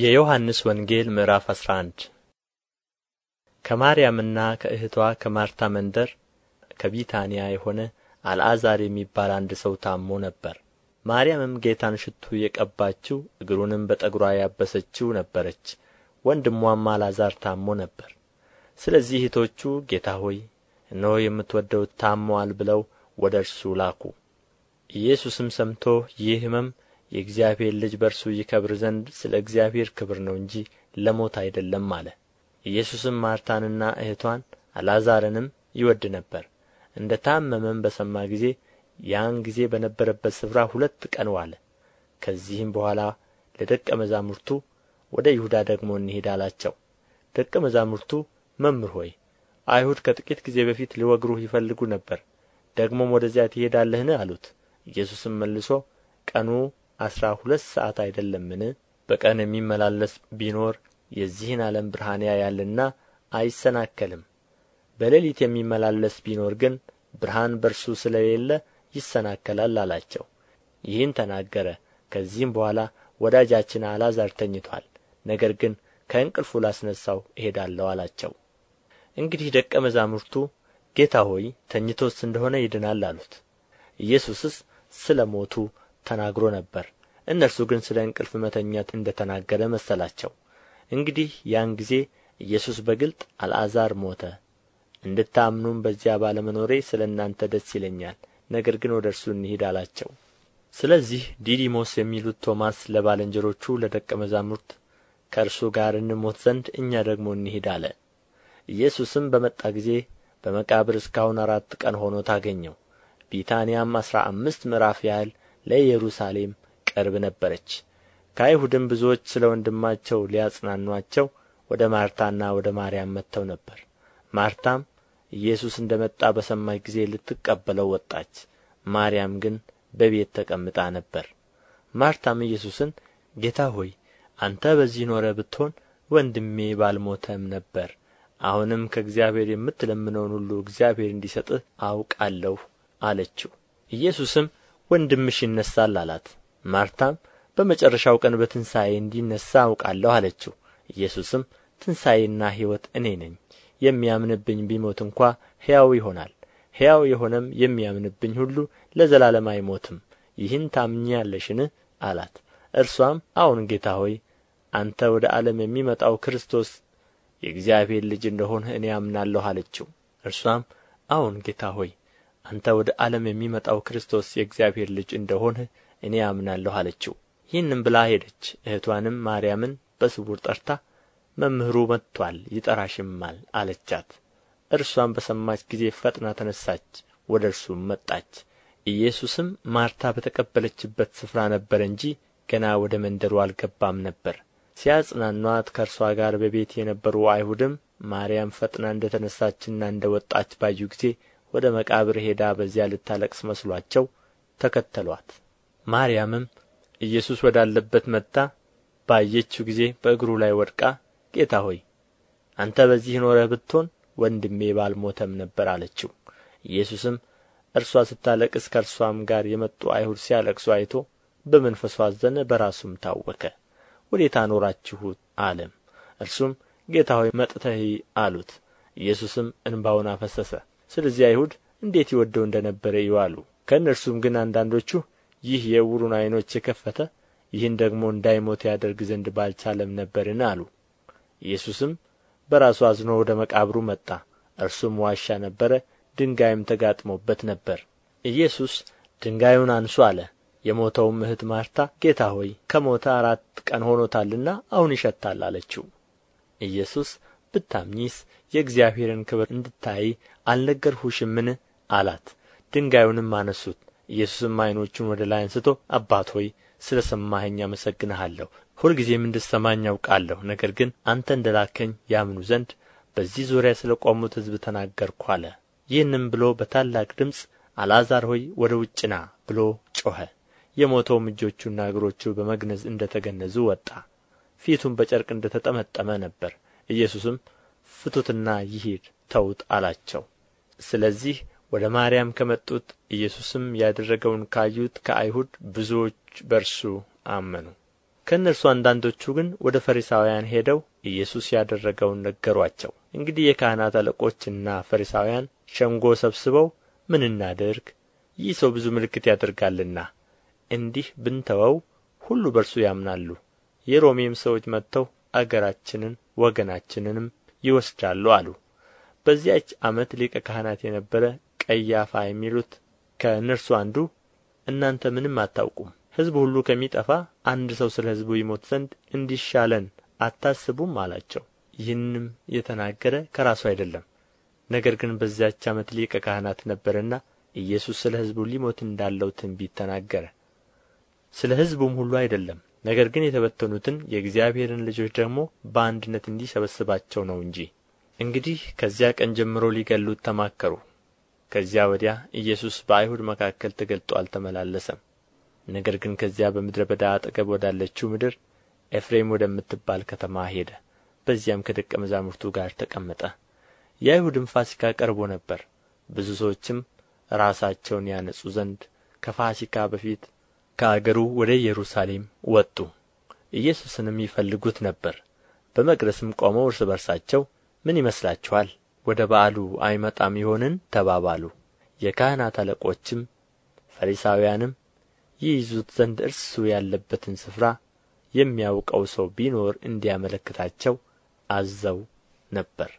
የዮሐንስ ወንጌል ምዕራፍ 11 ከማርያምና ከእህቷ ከማርታ መንደር ከቢታንያ የሆነ አልዓዛር የሚባል አንድ ሰው ታሞ ነበር። ማርያምም ጌታን ሽቱ የቀባችው እግሩንም በጠጉሯ ያበሰችው ነበረች። ወንድሟም አልዓዛር ታሞ ነበር። ስለዚህ እህቶቹ ጌታ ሆይ፣ እነሆ የምትወደው ታሞአል ብለው ወደ እርሱ ላኩ። ኢየሱስም ሰምቶ ይህ ሕመም የእግዚአብሔር ልጅ በእርሱ ይከብር ዘንድ ስለ እግዚአብሔር ክብር ነው እንጂ ለሞት አይደለም አለ ኢየሱስም ማርታንና እህቷን አላዛርንም ይወድ ነበር እንደ ታመመም በሰማ ጊዜ ያን ጊዜ በነበረበት ስፍራ ሁለት ቀን ዋለ ከዚህም በኋላ ለደቀ መዛሙርቱ ወደ ይሁዳ ደግሞ እንሂድ አላቸው ደቀ መዛሙርቱ መምህር ሆይ አይሁድ ከጥቂት ጊዜ በፊት ሊወግሩህ ይፈልጉ ነበር ደግሞም ወደዚያ ትሄዳለህን አሉት ኢየሱስም መልሶ ቀኑ አሥራ ሁለት ሰዓት አይደለምን በቀን የሚመላለስ ቢኖር የዚህን ዓለም ብርሃን ያያልና አይሰናከልም በሌሊት የሚመላለስ ቢኖር ግን ብርሃን በእርሱ ስለ ሌለ ይሰናከላል አላቸው ይህን ተናገረ ከዚህም በኋላ ወዳጃችን አልዓዛር ተኝቷል ነገር ግን ከእንቅልፉ ላስነሳው እሄዳለሁ አላቸው እንግዲህ ደቀ መዛሙርቱ ጌታ ሆይ ተኝቶስ እንደሆነ ይድናል አሉት ኢየሱስስ ስለ ሞቱ ተናግሮ ነበር። እነርሱ ግን ስለ እንቅልፍ መተኛት እንደ ተናገረ መሰላቸው። እንግዲህ ያን ጊዜ ኢየሱስ በግልጥ አልዓዛር ሞተ፣ እንድታምኑም በዚያ ባለመኖሬ ስለ እናንተ ደስ ይለኛል፣ ነገር ግን ወደ እርሱ እንሂድ አላቸው። ስለዚህ ዲዲሞስ የሚሉት ቶማስ ለባልንጀሮቹ ለደቀ መዛሙርት ከእርሱ ጋር እንሞት ዘንድ እኛ ደግሞ እንሂድ አለ። ኢየሱስም በመጣ ጊዜ በመቃብር እስካሁን አራት ቀን ሆኖ ታገኘው። ቢታንያም አሥራ አምስት ምዕራፍ ያህል ለኢየሩሳሌም ቅርብ ነበረች ከአይሁድም ብዙዎች ስለ ወንድማቸው ሊያጽናኗቸው ወደ ማርታና ወደ ማርያም መጥተው ነበር ማርታም ኢየሱስ እንደ መጣ በሰማች ጊዜ ልትቀበለው ወጣች ማርያም ግን በቤት ተቀምጣ ነበር ማርታም ኢየሱስን ጌታ ሆይ አንተ በዚህ ኖረ ብትሆን ወንድሜ ባልሞተም ነበር አሁንም ከእግዚአብሔር የምትለምነውን ሁሉ እግዚአብሔር እንዲሰጥህ አውቃለሁ አለችው ኢየሱስም ወንድምሽ ይነሳል አላት። ማርታም በመጨረሻው ቀን በትንሣኤ እንዲነሣ አውቃለሁ አለችው። ኢየሱስም ትንሣኤና ሕይወት እኔ ነኝ፣ የሚያምንብኝ ቢሞት እንኳ ሕያው ይሆናል፣ ሕያው የሆነም የሚያምንብኝ ሁሉ ለዘላለም አይሞትም። ይህን ታምኚያለሽን? አላት። እርሷም አዎን ጌታ ሆይ አንተ ወደ ዓለም የሚመጣው ክርስቶስ የእግዚአብሔር ልጅ እንደሆንህ እኔ አምናለሁ አለችው። እርሷም አዎን ጌታ ሆይ አንተ ወደ ዓለም የሚመጣው ክርስቶስ የእግዚአብሔር ልጅ እንደ እኔ አምናለሁ አለችው። ይህንም ብላ ሄደች። እህቷንም ማርያምን በስውር ጠርታ መምህሩ መጥቶአል፣ ይጠራሽማል አለቻት። እርሷም በሰማች ጊዜ ፈጥና ተነሳች፣ ወደ እርሱም መጣች። ኢየሱስም ማርታ በተቀበለችበት ስፍራ ነበር እንጂ ገና ወደ መንደሩ አልገባም ነበር። ሲያጽናኗት ከእርሷ ጋር በቤት የነበሩ አይሁድም ማርያም ፈጥና እንደ ተነሳችና እንደ ወጣች ባዩ ጊዜ ወደ መቃብር ሄዳ በዚያ ልታለቅስ መስሏቸው ተከተሏት። ማርያምም ኢየሱስ ወዳለበት መጥታ ባየችው ጊዜ በእግሩ ላይ ወድቃ ጌታ ሆይ አንተ በዚህ ኖረህ ብትሆን ወንድሜ ባልሞተም ነበር አለችው። ኢየሱስም እርሷ ስታለቅስ ከእርሷም ጋር የመጡ አይሁድ ሲያለቅሱ አይቶ በመንፈሱ አዘነ፣ በራሱም ታወከ። ወዴት አኖራችሁት አለም። እርሱም ጌታ ሆይ መጥተህ አሉት። ኢየሱስም እንባውን አፈሰሰ። ስለዚህ አይሁድ እንዴት ይወደው እንደ ነበረ እዩ አሉ። ከእነርሱም ግን አንዳንዶቹ ይህ የዕውሩን አይኖች የከፈተ ይህን ደግሞ እንዳይሞት ያደርግ ዘንድ ባልቻለም ነበርን አሉ። ኢየሱስም በራሱ አዝኖ ወደ መቃብሩ መጣ። እርሱም ዋሻ ነበረ፣ ድንጋይም ተጋጥሞበት ነበር። ኢየሱስ ድንጋዩን አንሱ አለ። የሞተውም እህት ማርታ ጌታ ሆይ ከሞተ አራት ቀን ሆኖታልና አሁን ይሸታል አለችው። ኢየሱስ ብታምኚስ የእግዚአብሔርን ክብር እንድታይ አልነገርሁሽምን አላት ድንጋዩንም አነሱት ኢየሱስም ዐይኖቹን ወደ ላይ አንስቶ አባት ሆይ ስለ ሰማኸኝ አመሰግንሃለሁ ሁልጊዜም እንድትሰማኝ አውቃለሁ ነገር ግን አንተ እንደ ላከኝ ያምኑ ዘንድ በዚህ ዙሪያ ስለ ቆሙት ሕዝብ ተናገርኩ አለ ይህንም ብሎ በታላቅ ድምፅ አልዓዛር ሆይ ወደ ውጭ ና ብሎ ጮኸ የሞተውም እጆቹና እግሮቹ በመግነዝ እንደ ተገነዙ ወጣ ፊቱም በጨርቅ እንደ ተጠመጠመ ነበር ኢየሱስም ፍቱትና ይሂድ ተውት አላቸው ስለዚህ ወደ ማርያም ከመጡት ኢየሱስም ያደረገውን ካዩት ከአይሁድ ብዙዎች በርሱ አመኑ ከእነርሱ አንዳንዶቹ ግን ወደ ፈሪሳውያን ሄደው ኢየሱስ ያደረገውን ነገሯቸው እንግዲህ የካህናት አለቆችና ፈሪሳውያን ሸንጎ ሰብስበው ምን እናድርግ ይህ ሰው ብዙ ምልክት ያደርጋልና እንዲህ ብንተወው ሁሉ በርሱ ያምናሉ የሮሜም ሰዎች መጥተው አገራችንን ወገናችንንም ይወስዳሉ አሉ። በዚያች ዓመት ሊቀ ካህናት የነበረ ቀያፋ የሚሉት ከእነርሱ አንዱ እናንተ ምንም አታውቁም፣ ሕዝብ ሁሉ ከሚጠፋ አንድ ሰው ስለ ሕዝቡ ይሞት ዘንድ እንዲሻለን አታስቡም አላቸው። ይህንም የተናገረ ከራሱ አይደለም፣ ነገር ግን በዚያች ዓመት ሊቀ ካህናት ነበረና ኢየሱስ ስለ ሕዝቡ ሊሞት እንዳለው ትንቢት ተናገረ። ስለ ሕዝቡም ሁሉ አይደለም ነገር ግን የተበተኑትን የእግዚአብሔርን ልጆች ደግሞ በአንድነት እንዲሰበስባቸው ነው እንጂ። እንግዲህ ከዚያ ቀን ጀምሮ ሊገሉት ተማከሩ። ከዚያ ወዲያ ኢየሱስ በአይሁድ መካከል ተገልጦ አልተመላለሰም። ነገር ግን ከዚያ በምድረ በዳ አጠገብ ወዳለችው ምድር ኤፍሬም ወደምትባል ከተማ ሄደ። በዚያም ከደቀ መዛሙርቱ ጋር ተቀመጠ። የአይሁድም ፋሲካ ቀርቦ ነበር። ብዙ ሰዎችም ራሳቸውን ያነጹ ዘንድ ከፋሲካ በፊት ከአገሩ ወደ ኢየሩሳሌም ወጡ። ኢየሱስንም ይፈልጉት ነበር። በመቅደስም ቆመው እርስ በርሳቸው ምን ይመስላችኋል? ወደ በዓሉ አይመጣም ይሆንን? ተባባሉ። የካህናት አለቆችም ፈሪሳውያንም ይይዙት ዘንድ እርሱ ያለበትን ስፍራ የሚያውቀው ሰው ቢኖር እንዲያመለክታቸው አዘው ነበር።